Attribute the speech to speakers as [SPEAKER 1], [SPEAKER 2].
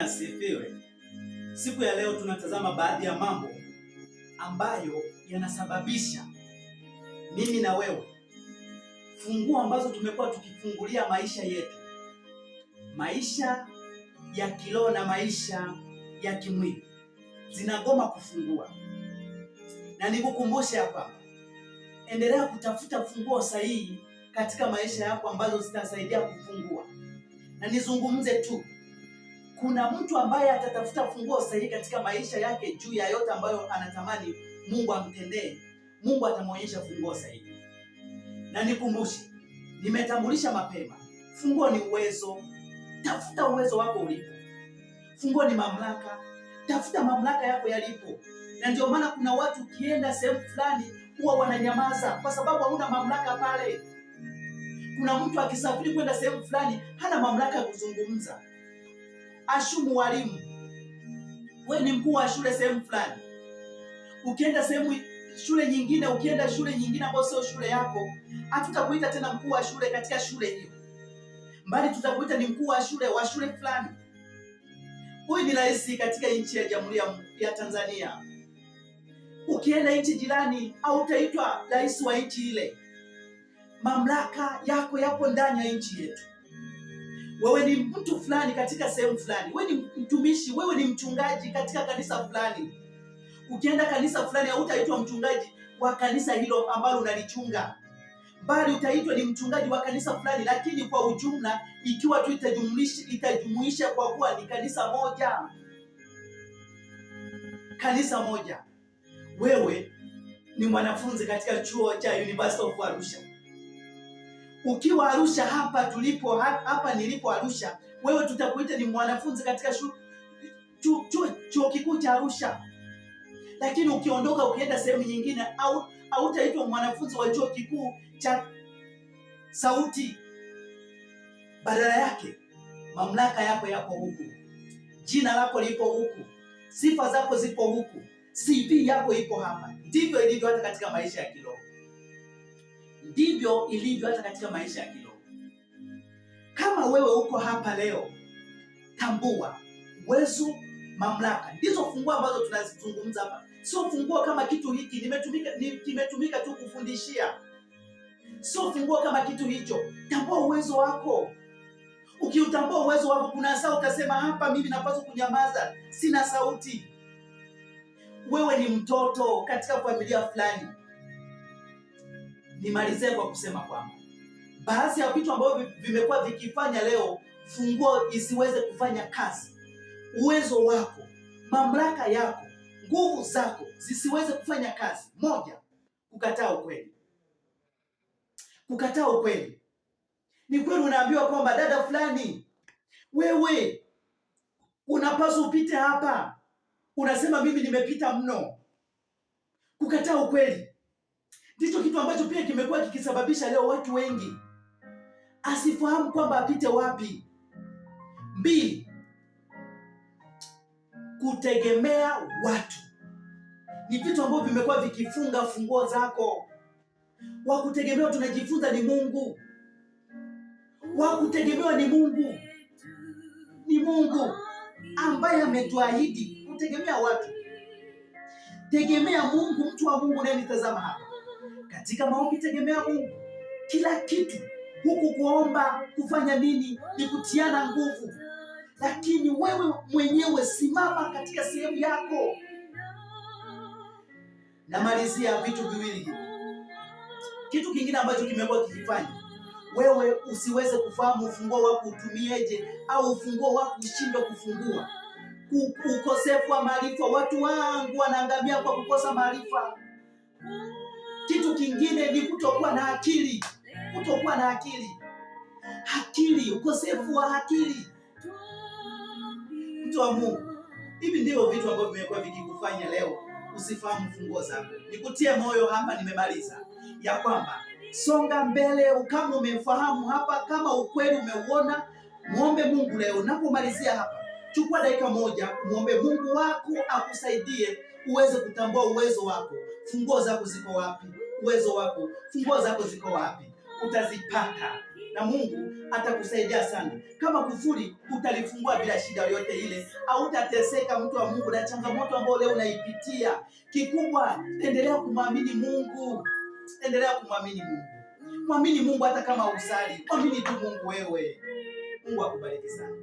[SPEAKER 1] Asifiwe. Siku ya leo tunatazama baadhi ya mambo ambayo yanasababisha mimi na wewe, funguo ambazo tumekuwa tukifungulia maisha yetu, maisha ya kiroho na maisha ya kimwili zinagoma kufungua, na nikukumbushe hapa, endelea kutafuta funguo sahihi katika maisha yako ambazo zitasaidia kufungua, na nizungumze tu kuna mtu ambaye atatafuta funguo sahihi katika maisha yake juu ya yote ambayo anatamani Mungu amtendee. Mungu atamwonyesha funguo sahihi. Na nikumbushe, nimetambulisha mapema, funguo ni uwezo. Tafuta uwezo wako ulipo. Funguo ni mamlaka, tafuta mamlaka yako yalipo. Na ndio maana kuna watu ukienda sehemu fulani huwa wananyamaza kwa sababu hauna mamlaka pale. Kuna mtu akisafiri kwenda sehemu fulani hana mamlaka ya kuzungumza ashumu walimu. We ni mkuu wa shule sehemu fulani, ukienda sehemu shule nyingine, ukienda shule nyingine ambayo sio shule yako, hatutakuita tena mkuu wa shule katika shule hiyo, mbali tutakuita ni mkuu wa shule wa shule fulani. Huyu ni rais katika nchi ya Jamhuri ya Tanzania. Ukienda nchi jirani, hautaitwa rais wa nchi ile. Mamlaka yako yapo ndani ya nchi yetu wewe ni mtu fulani katika sehemu fulani, wewe ni mtumishi, wewe ni mchungaji katika kanisa fulani. Ukienda kanisa fulani, hautaitwa mchungaji wa kanisa hilo ambalo unalichunga, bali utaitwa ni mchungaji wa kanisa fulani, lakini kwa ujumla, ikiwa tu itajumlisha, itajumuisha kwa kuwa ni kanisa moja, kanisa moja. Wewe ni mwanafunzi katika chuo cha University of Arusha ukiwa Arusha hapa tulipo hapa nilipo Arusha, wewe tutakuita ni mwanafunzi katika shu, chu, chu, chuo kikuu cha Arusha, lakini ukiondoka ukienda sehemu nyingine au hautaitwa mwanafunzi wa chuo kikuu cha Sauti. Badala yake mamlaka yako yako huku, jina lako lipo huku, sifa zako zipo huku, CV yako ipo hapa. Ndivyo ilivyo hata katika maisha ya kiroho. Ndivyo ilivyo hata katika maisha ya kiroho. Kama wewe uko hapa leo, tambua uwezo, mamlaka ndizo funguo ambazo tunazizungumza hapa. Sio funguo kama kitu hiki nimetumika, kimetumika tu kufundishia, sio funguo kama kitu hicho. Tambua uwezo wako. Ukiutambua uwezo wako, kuna saa utasema hapa, mimi napaswa kunyamaza, sina sauti. Wewe ni mtoto katika familia fulani Nimalizie kwa kusema kwamba baadhi ya vitu ambavyo vimekuwa vikifanya leo funguo isiweze kufanya kazi, uwezo wako, mamlaka yako, nguvu zako zisiweze kufanya kazi. Moja, kukataa ukweli. Kukataa ukweli. Ni kweli unaambiwa kwamba dada fulani, wewe unapaswa upite hapa, unasema mimi nimepita mno. Kukataa ukweli ndicho kitu ambacho pia kimekuwa kikisababisha leo watu wengi asifahamu kwamba apite wapi. B, kutegemea watu ni vitu ambavyo vimekuwa vikifunga funguo zako. Wa kutegemewa tunajifunza ni Mungu, wa kutegemewa ni Mungu, ni Mungu ambaye ametuahidi kutegemea watu. Tegemea Mungu, mtu wa Mungu nitazama hapa katika maombi tegemea Mungu kila kitu. Huku kuomba kufanya nini? Ni kutiana nguvu, lakini wewe mwenyewe simama katika sehemu yako. Namalizia vitu viwili hivi. Kitu kingine ambacho kimekuwa kikifanya wewe usiweze kufahamu ufunguo wako utumieje, au ufunguo wako ushindwe kufungua, ukosefu wa maarifa. Watu wangu wanaangamia kwa kukosa maarifa. Kitu kingine ni kutokuwa na akili, kutokuwa na akili, akili, ukosefu wa akili. Mtu wa Mungu, hivi ndivyo vitu ambavyo vimekuwa vikikufanya leo usifahamu funguo zako. Nikutie moyo hapa, nimemaliza ya kwamba songa mbele. Kama umefahamu hapa, kama ukweli umeuona, muombe Mungu leo unapomalizia hapa Chukua dakika moja, muombe Mungu wako akusaidie uweze kutambua uwezo wako. Funguo zako ziko wapi? Uwezo wako, funguo zako ziko wapi? Utazipata na Mungu atakusaidia sana. Kama kufuri, utalifungua bila shida yoyote ile, au utateseka mtu wa Mungu na changamoto ambayo leo unaipitia. Kikubwa, endelea kumwamini Mungu, endelea kumwamini Mungu. Mwamini Mungu hata kama usali, mwamini tu Mungu wewe. Mungu akubariki sana.